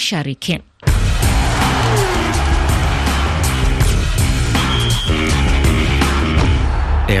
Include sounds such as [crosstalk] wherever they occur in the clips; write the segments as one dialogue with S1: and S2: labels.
S1: Mashariki.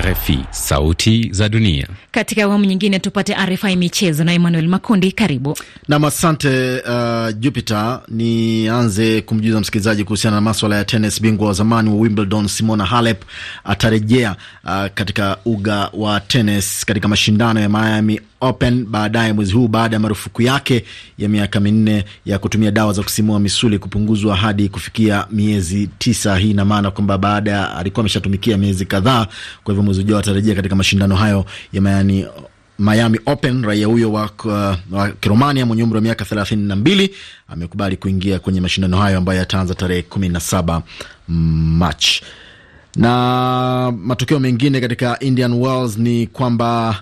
S2: RFI, sauti za dunia.
S1: Katika awamu nyingine tupate arifa ya michezo na Emmanuel Makundi. Karibu
S3: nam. Asante uh, Jupiter. Nianze kumjuza msikilizaji kuhusiana na maswala ya tenis. Bingwa wa zamani wa Wimbledon Simona Halep atarejea uh, katika uga wa tenis katika mashindano ya Miami Open baadaye mwezi huu baada ya marufuku yake ya miaka minne ya kutumia dawa za kusimua misuli kupunguzwa hadi kufikia miezi tisa. Hii ina maana kwamba baada alikuwa ameshatumikia miezi kadhaa, kwa hivyo mwezi ujao atarejea katika mashindano hayo ya Miami Miami Open. Raia huyo wa, uh, wa Kiromania mwenye umri wa miaka thelathini na mbili amekubali kuingia kwenye mashindano hayo ambayo yataanza tarehe kumi na saba Machi. Na matokeo mengine katika Indian Wells ni kwamba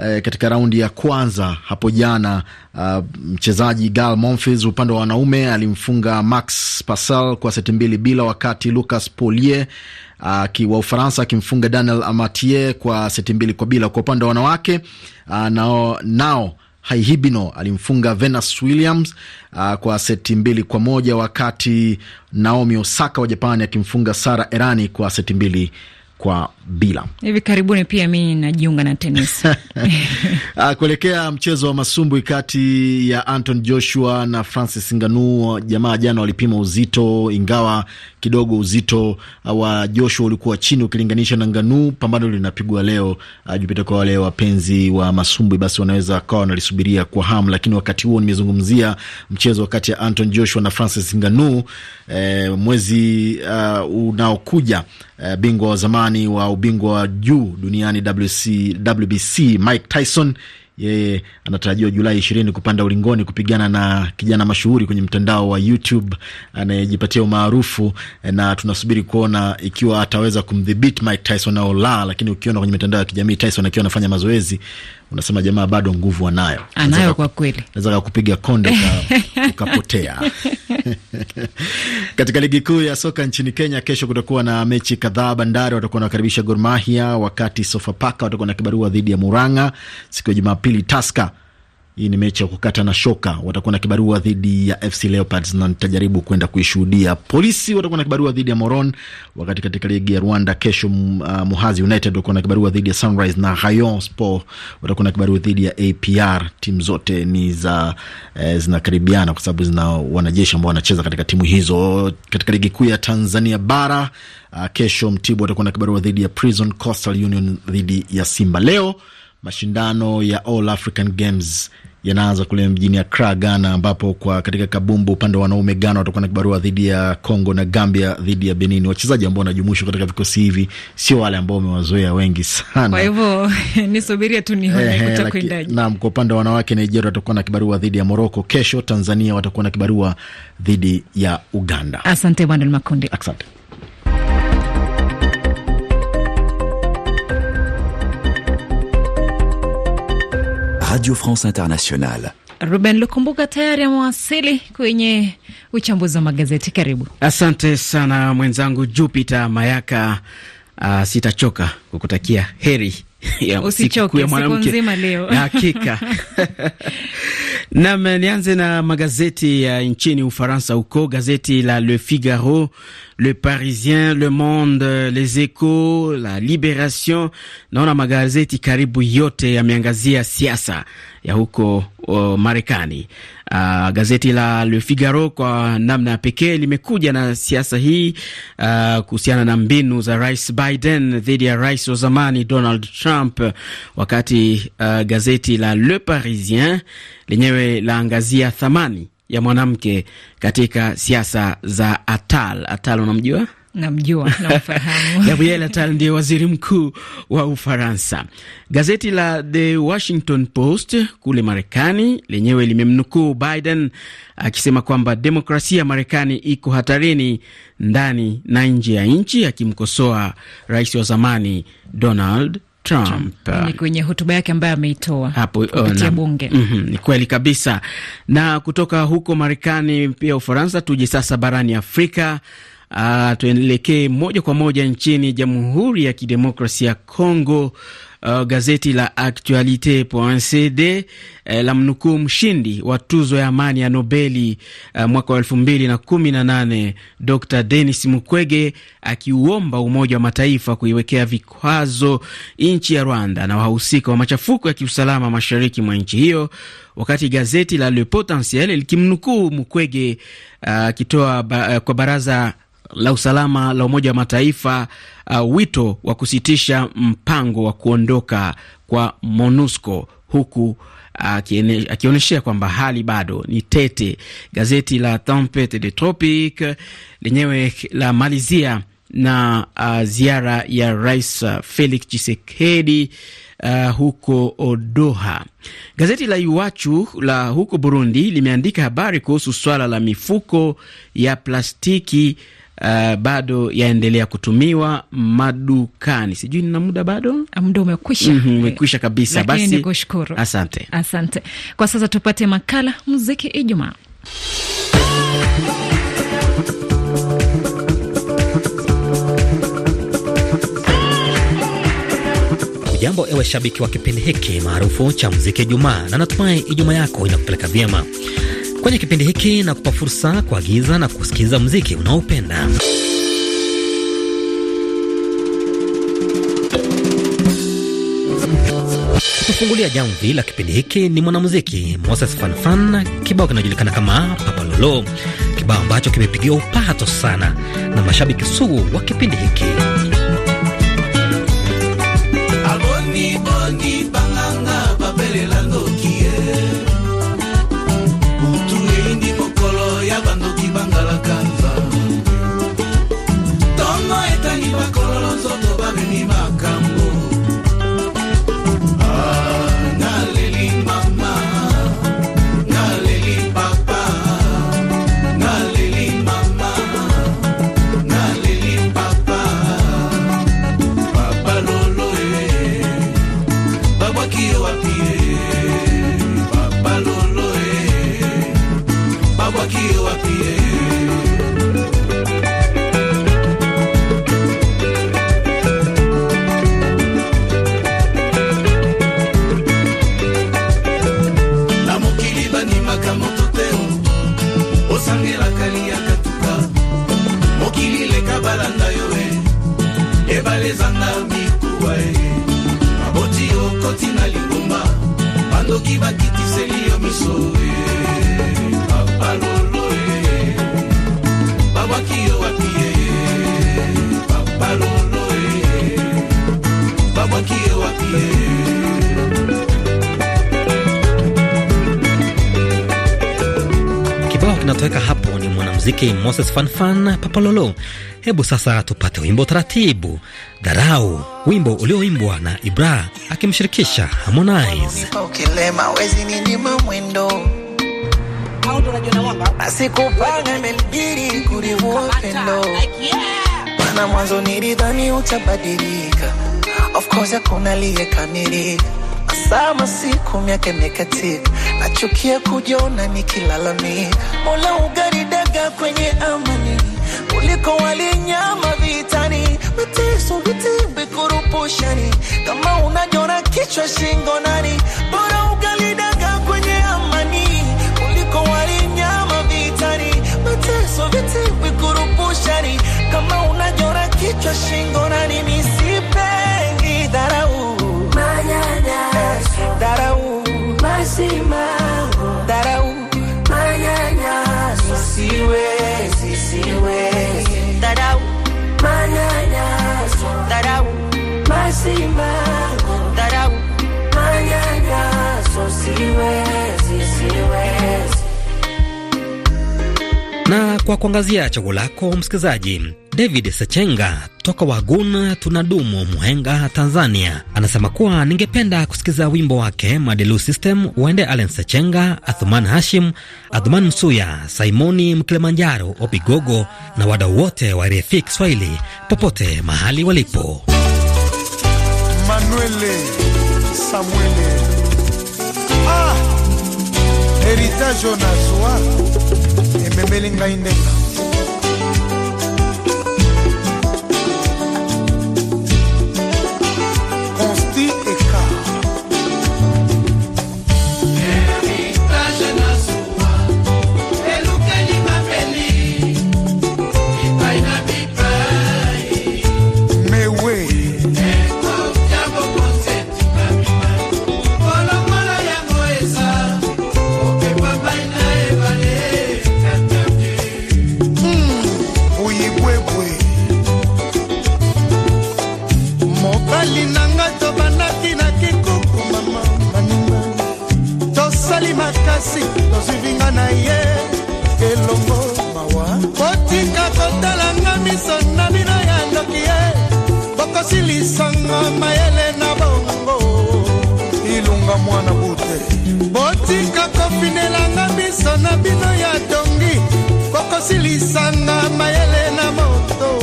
S3: eh, katika raundi ya kwanza hapo jana uh, mchezaji Gal Monfils upande wa wanaume alimfunga Max Purcell kwa seti mbili bila, wakati Lucas Polier uh, wa Ufaransa akimfunga Daniel Amatie kwa seti mbili kwa bila. Kwa upande wa wanawake uh, nao, nao Haihibino alimfunga Venus Williams uh, kwa seti mbili kwa moja wakati Naomi Osaka wa Japani akimfunga Sara Erani kwa seti mbili kwa bila.
S1: Hivi karibuni pia mi najiunga na tenis [laughs]
S3: ah, kuelekea mchezo wa masumbwi kati ya Anton Joshua na Francis Ngannou. Jamaa jana walipima uzito, ingawa kidogo uzito uh, wa Joshua ulikuwa chini ukilinganisha na Nganu. Pambano linapigwa leo uh, jupita, kwa wale wapenzi wa masumbwi basi wanaweza wakawa wanalisubiria kwa hamu, lakini wakati huo nimezungumzia mchezo kati ya Anton Joshua na Francis Nganu e, eh, mwezi uh, unaokuja eh, bingwa wa zamani wa ubingwa wa juu duniani WC, WBC Mike Tyson yeye anatarajiwa Julai ishirini kupanda ulingoni kupigana na kijana mashuhuri kwenye mtandao wa YouTube anayejipatia umaarufu, na tunasubiri kuona ikiwa ataweza kumdhibiti Mike Tyson au la. Lakini ukiona kwenye mitandao ya kijamii Tyson akiwa anafanya mazoezi unasema jamaa bado nguvu anayo, anayo kwa kweli, naweza kakupiga konde [laughs] ukapotea. Katika ligi kuu ya soka nchini Kenya, kesho kutakuwa na mechi kadhaa. Bandari watakuwa wanakaribisha Gor Mahia, wakati Sofapaka watakuwa na kibarua dhidi ya Muranga. Siku ya Jumapili Taska hii ni mechi ya kukata na shoka. Watakuwa na kibarua dhidi ya FC Leopards na nitajaribu kwenda kuishuhudia. Polisi watakuwa na kibarua dhidi ya Moron, wakati katika ligi ya Rwanda kesho, mm, uh, Muhazi United watakuwa na kibarua dhidi ya Sunrise na Rayon Sport watakuwa na kibarua dhidi ya APR. Timu zote ni za eh, zinakaribiana kwa sababu zina wanajeshi ambao wanacheza katika timu hizo. Katika ligi kuu ya Tanzania bara uh, kesho Mtibwa watakuwa na kibarua dhidi ya Prison, Coastal Union dhidi ya Simba leo Mashindano ya All African Games yanaanza kule mjini Accra, Ghana, ambapo kwa katika kabumbu upande wa wanaume Ghana watakuwa na kibarua dhidi ya Congo na Gambia dhidi ya Benin. Wachezaji ambao wanajumuishwa katika vikosi hivi sio wale ambao wamewazoea wengi sana, kwa
S1: hivyo [laughs] tu nione kutakwendaje.
S3: Naam, kwa upande wa wanawake Nigeria watakuwa na kibarua dhidi ya Morocco kesho. Tanzania watakuwa na kibarua dhidi ya Uganda. Asante Manuel Makundi, asante. Radio France Internationale.
S1: Ruben Lukumbuka tayari amewasili kwenye uchambuzi wa magazeti. Karibu.
S2: Asante sana mwenzangu Jupiter Mayaka. Uh, sitachoka kukutakia heri [laughs] ya usichoke ya mwanamke nzima leo hakika. [laughs] Nam, nianze na magazeti ya nchini Ufaransa, huko gazeti la Le Figaro, Le Parisien, Le Monde, Les Echos, La Liberation. Naona magazeti karibu yote yameangazia siasa ya huko oh, Marekani. Uh, gazeti la Le Figaro kwa namna ya pekee limekuja na siasa hii uh, kuhusiana na mbinu za Rais Biden dhidi ya rais wa zamani Donald Trump, wakati uh, gazeti la Le Parisien lenyewe laangazia thamani ya mwanamke katika siasa za Atal. Atal unamjua? Namjua, namfahamu. [laughs] Gabriel Attal ndiye waziri mkuu wa Ufaransa. Gazeti la The Washington Post kule Marekani lenyewe limemnukuu Biden akisema kwamba demokrasia ya Marekani iko hatarini ndani na nje ya nchi, akimkosoa rais wa zamani Donald Trump. Ni
S1: kwenye hotuba yake ambayo
S2: ameitoa hapo oh, kupitia bunge. Mm -hmm, ni kweli kabisa. Na kutoka huko Marekani pia Ufaransa, tuje sasa barani Afrika Uh, ah, tuelekee moja kwa moja nchini Jamhuri ya Kidemokrasia ya congo Uh, ah, gazeti la Actualite.cd eh, la mnukuu mshindi wa tuzo ya amani ya Nobeli uh, mwaka wa elfu mbili na kumi na nane Dr Denis Mukwege akiuomba Umoja wa Mataifa kuiwekea vikwazo nchi ya Rwanda na wahusika wa machafuko ya kiusalama mashariki mwa nchi hiyo, wakati gazeti la Le Potentiel likimnukuu Mukwege ah, akitoa uh, ba, uh, kwa baraza la usalama la Umoja wa Mataifa uh, wito wa kusitisha mpango wa kuondoka kwa MONUSCO huku uh, akionyeshea kwamba hali bado ni tete. Gazeti la Tempete de Tropic lenyewe la malizia na uh, ziara ya Rais Felix Tshisekedi uh, huko Doha. Gazeti la Iwachu la huko Burundi limeandika habari kuhusu swala la mifuko ya plastiki uh, bado yaendelea kutumiwa madukani. Sijui nina muda bado, ah, muda umekwisha. mm -hmm, umekwisha kabisa. Basi nikushukuru, asante,
S1: asante. Kwa sasa tupate makala muziki Ijumaa.
S4: Jambo ewe shabiki wa kipindi hiki maarufu cha muziki Ijumaa, na natumai Ijumaa yako inakupeleka vyema kwenye kipindi hiki na kupa fursa kuagiza na kusikiliza muziki unaopenda. Kufungulia jamvi la kipindi hiki ni mwanamuziki Moses Fanfan, kibao kinajulikana kama Papa Lolo, kibao ambacho kimepigiwa upato sana na mashabiki sugu wa kipindi hiki.
S5: bakitiselio misoe
S4: kinatoweka hapo ni mwanamuziki Moses Fanfan Papalolo Hebu sasa tupate wimbo taratibu, Dharau, wimbo ulioimbwa na Ibra akimshirikisha Harmonize.
S5: mwanzo nilidhani utabadilika, of course hakuna siku miaka nachukia nikilalamika. Mola kwenye amani kuliko walinyama vitani, mateso vitimbi kurupushani, kama unajona kichwa shingo nani, bora ugali
S4: kwa kuangazia chaguo lako msikilizaji. David Sechenga toka Waguna tunadumu muhenga Tanzania, anasema kuwa ningependa kusikiza wimbo wake Madelu System uende alen Sechenga, Athuman Hashim, Adhuman Msuya, Simoni Mkilimanjaro, Obigogo na wadau wote wa RFI Kiswahili popote mahali walipo.
S5: Manuele Samuele, ah, me billing ka miso na bino ya tongi kokosilisanga mayele na moto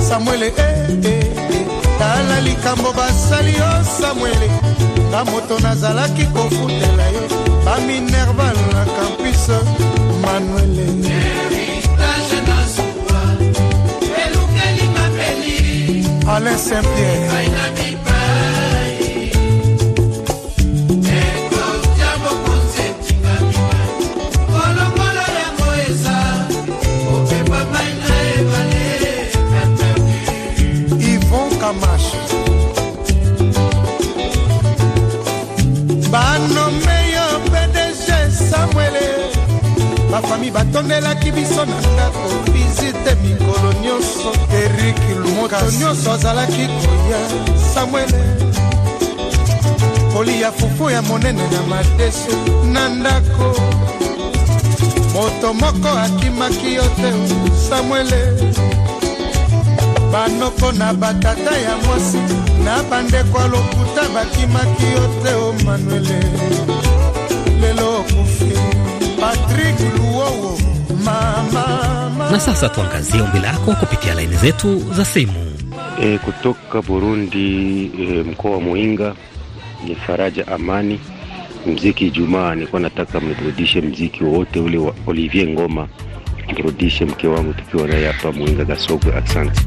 S5: samuele e eh, tala eh, eh. likambo basali yo samuele nga moto nazalaki kofutela yo baminerval na kampise manuele alain saint pierre makasi nyonso azalaki koya samuele kolia fufu ya monene na madesu na ndako moto moko akimaki yo te samuele banoko na batata ya mwasi na bandeko ya lokuta bakimaki yo te o manuele lelo okufi patrik luwowo Na
S4: sasa tuangazie ombi lako kupitia laini zetu za simu.
S2: E, kutoka Burundi, e, mkoa wa Muinga ni Faraja Amani. Mziki jumaa nilikuwa nataka mrudishe mziki wowote ule wa Olivier Ngoma, mrudishe mke wangu tukiwa naye hapa Muinga Gasogwe. Asante.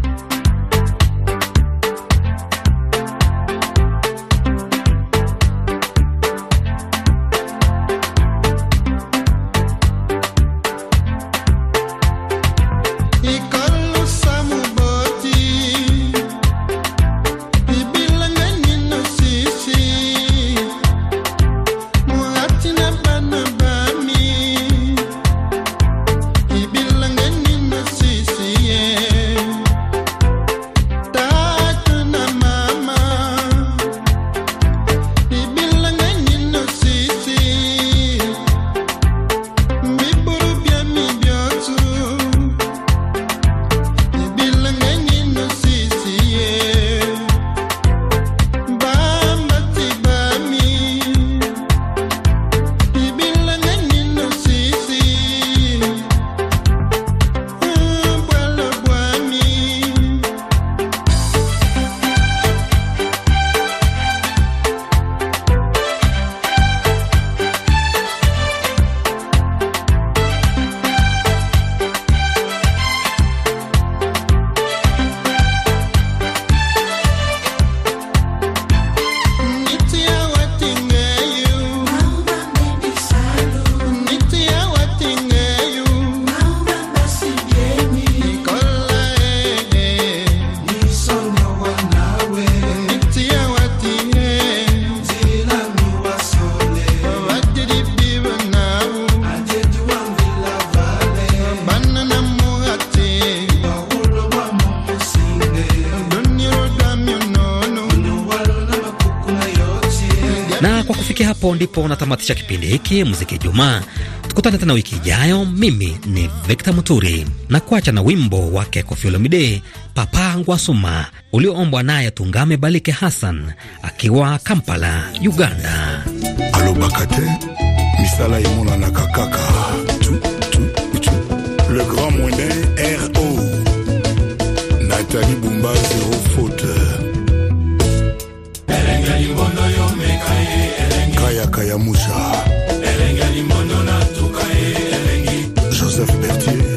S4: ndipo natamatisha kipindi hiki muziki jumaa Tukutane tena wiki ijayo. Mimi ni Victor Muturi na kuacha na wimbo wake Koffi Olomide Papa Ngwasuma ulioombwa naye Tungame Balike Hassan akiwa Kampala, Uganda. alobakate misala emonanaka kaka
S5: le grand mwene ro Natali Bumba kaka ya musha joseph bertier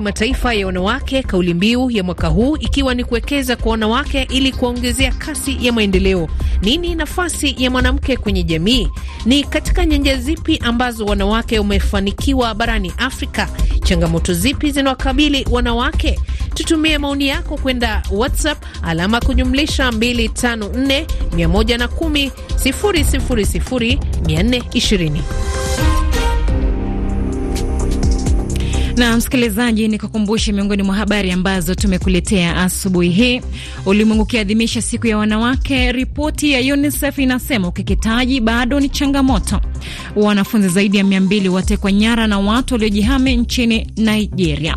S1: kimataifa ya wanawake, kauli mbiu ya mwaka huu ikiwa ni kuwekeza kwa wanawake ili kuwaongezea kasi ya maendeleo. Nini nafasi ya mwanamke kwenye jamii? Ni katika nyanja zipi ambazo wanawake wamefanikiwa barani Afrika? Changamoto zipi zinawakabili wanawake? Tutumie maoni yako kwenda WhatsApp alama kujumlisha 254 110 000 420. Na msikilizaji, ni kukumbushe miongoni mwa habari ambazo tumekuletea asubuhi hii. Ulimwengu ukiadhimisha siku ya wanawake, ripoti ya UNICEF inasema ukeketaji bado ni changamoto. Wanafunzi zaidi ya mia mbili watekwa nyara na watu waliojihami nchini Nigeria.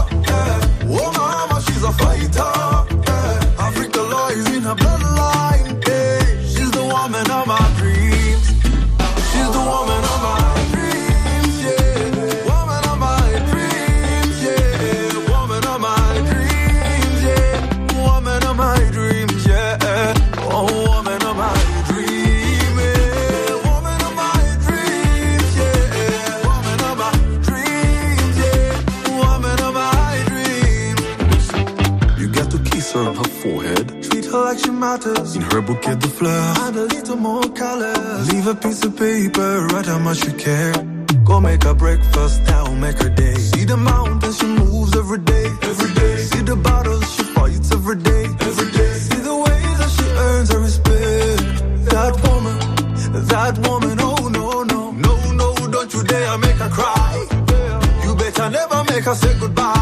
S6: her forehead. Treat her like she matters. In her bouquet de fleurs. Add a little more color. Leave a piece of paper, write how much you care. Go make her breakfast, that'll make her day. See the mountains, she moves every day. Every day. See the battles, she fights every day. Every day. See the way that she earns her respect. That woman, that woman, oh no, no. No, no, don't you dare make her cry. You better never make her say goodbye.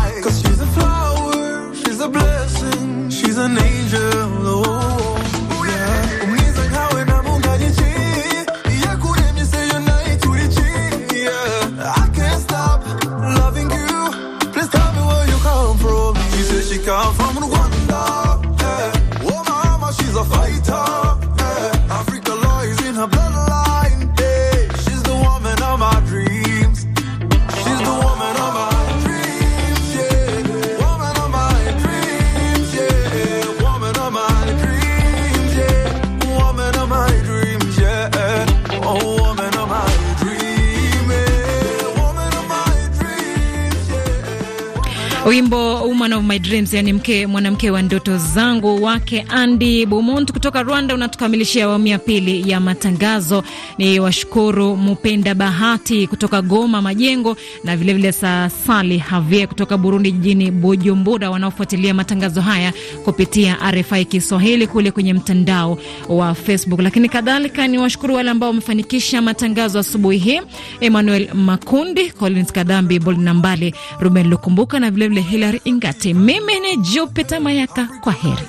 S1: my dreams, yani mke mwanamke wa ndoto zangu wake Andy Bumont kutoka Rwanda unatukamilishia awamu ya pili ya matangazo. Ni washukuru Mupenda Bahati kutoka Goma Majengo na vilevile sa Sali Havie kutoka Burundi jijini Bujumbura wanaofuatilia matangazo haya kupitia RFI Kiswahili kule kwenye mtandao wa Facebook. Lakini kadhalika ni washukuru wale ambao wamefanikisha matangazo asubuhi hii, Emmanuel Makundi, Collins Kadambi, nambali Ruben Lukumbuka na vilevile Hilary Ingati. Mimi ni Jupita Mayaka, kwa heri.